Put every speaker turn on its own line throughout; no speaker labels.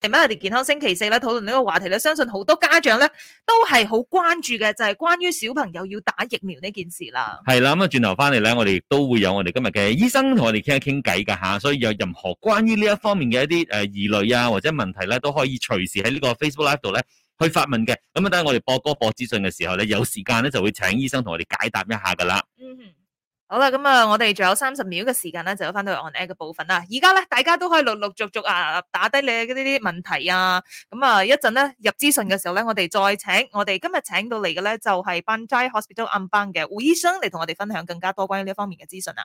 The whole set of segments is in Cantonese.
係咩？我哋健康星期四咧討論呢個話題咧，相信好多家長咧都係好關注嘅，就係關於小朋友要打疫苗呢件事啦。
係啦，咁啊轉頭翻嚟咧，我哋都會有我哋今日嘅醫生同我哋傾一傾偈噶吓，所以有任何關於呢一方面嘅一啲誒疑慮啊或者問題咧，都可以隨時喺呢個 Facebook Live 度咧去發問嘅。咁啊，等我哋播歌播資訊嘅時候咧，有時間咧就會請醫生同我哋解答一下噶啦。嗯。
好啦，咁啊，我哋仲有三十秒嘅時間咧，就翻到去 on air 嘅部分啦。而家咧，大家都可以陸陸續續啊，打低你嗰啲啲問題啊。咁啊，一陣咧入資訊嘅時候咧，我哋再請我哋今日請到嚟嘅咧，就係 Pantai Hospital Ampang 嘅胡醫生嚟同我哋分享更加多關於呢一方面嘅資訊啦。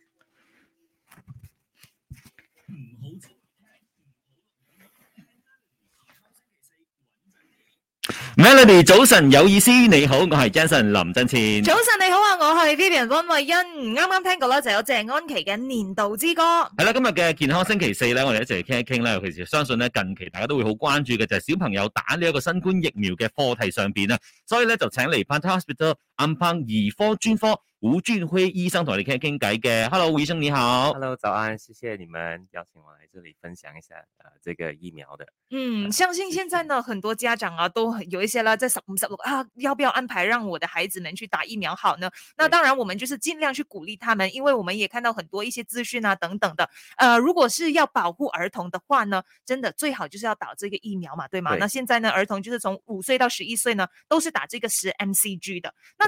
Melody，早晨有意思，你好，我係 Jason 林振千。早
晨你好啊，我係 Vivian 温慧欣。啱啱聽過啦，就有謝安琪嘅年度之歌。
係啦，今日嘅健康星期四咧，我哋一齊嚟傾一傾啦。尤其是相信咧，近期大家都會好關注嘅就係、是、小朋友打呢一個新冠疫苗嘅課題上邊啦。所以咧就請嚟 Pantai Hospital。安噴兒科專科吳俊輝醫生同你傾傾偈嘅，Hello 吳醫生你好
，Hello 早安。謝謝你們邀請我來這裏分享一下，這個疫苗的，
嗯，相信現在呢，很多家長啊，都有一些啦，在啊，要不要安排讓我的孩子們去打疫苗好呢？那當然，我們就是盡量去鼓勵他們，因為我們也看到很多一些資訊啊，等等的，呃，如果是要保護兒童的話呢，真的最好就是要打這個疫苗嘛，對嗎？對，那現在呢，兒童就是從五歲到十一歲呢，都是打這個十 mcg 的，那。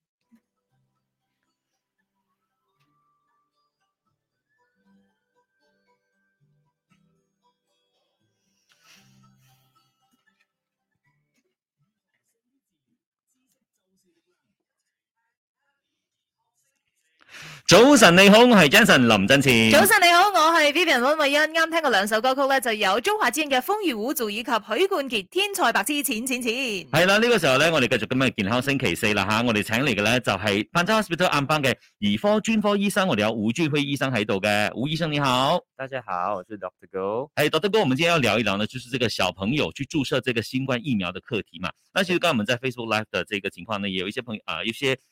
早晨你好，我是 Jason 林振詞。早晨
你好，我是 Vivian 温慧欣。啱聽過兩首歌曲咧，就有中華之音嘅《風雨無阻》以及許冠傑《天才白痴錢錢錢》。
係啦，呢、這個時候咧，我哋繼續今日健康星期四啦吓、啊，我哋請嚟嘅咧就係 Pantai Hospital 暗班嘅兒科專科醫生，我哋有吳俊輝醫生喺度嘅，吳醫生你好。大家好，我是 Dr. Go、hey,。誒，Dr. Go，我們今日要聊一聊呢，就是這個小朋友去注射這個新冠疫苗的課題嘛。那其實剛我們在 Facebook Live 的這個情況呢，也有一些朋友啊、呃，有一些。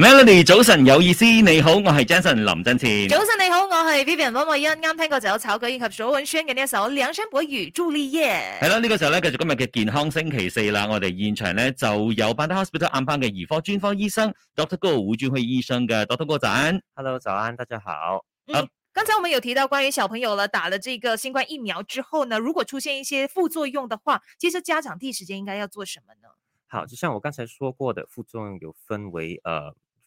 Melody 早晨有意思，你好，我係 Jason 林振前。早
晨你好，我係 Vivian 黃慧欣。啱聽過就有曹格以及卓文萱嘅呢一首《梁山伯與朱麗葉》。
係啦，呢個時候咧，繼續今日嘅健康星期四啦。我哋現場咧就有班得 hospital 暗班嘅兒科專科醫生 Doctor 高胡專科醫生嘅 Doctor 高早安。Hello，早安，大家好嗯。嗯，
剛才我們有提到關於小朋友啦，打了這個新冠疫苗之後呢，如果出現一些副作用的話，其實家長第一時間應該要做什麼呢？
好，就像我剛才說過的，副作用有分為，誒、呃。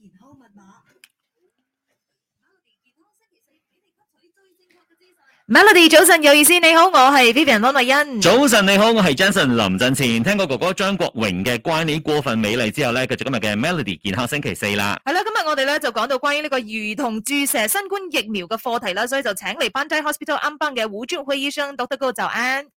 健康密碼，Melody 早晨有意思，你好，我係 Vivian 羅麗欣。早
晨你好，我係 Jason 林振前。聽過哥哥張國榮嘅《怪你過分美麗》之後咧，繼續今日嘅 Melody 健康星期四啦。
係啦，今日我哋咧就講到關於呢個兒童注射新冠疫苗嘅課題啦，所以就請嚟 Bandai Hospital 啱班嘅胡忠輝醫生 Doctor George An。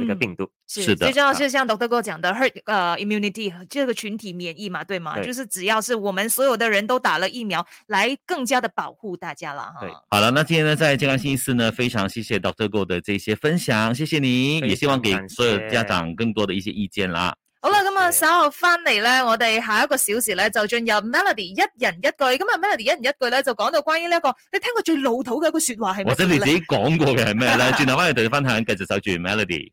這個病毒、嗯、是，是的，最重要是
像 Doctor Go 講的，herd 呃 immunity 這個群體免疫嘛，對嗎？對？就是只要是我們所有的人都打了疫苗，來更加的保護大家啦，哈、啊。
好了，那今天呢，嗯天呢嗯、在健康星期四呢，非常謝謝 Doctor Go 的這些分享，謝謝你，也希望給所有家長更多的一些意見啦。嗯、
好了咁啊，稍後翻嚟咧，我哋下一個小時咧就進入 Melody 一人一句，咁啊 Melody 一人一句咧就講到關於呢、這、一個你聽過最老土嘅一句說話係咩或者你自己
講過嘅係咩咧？轉頭翻嚟同你分享，繼續守住 Melody。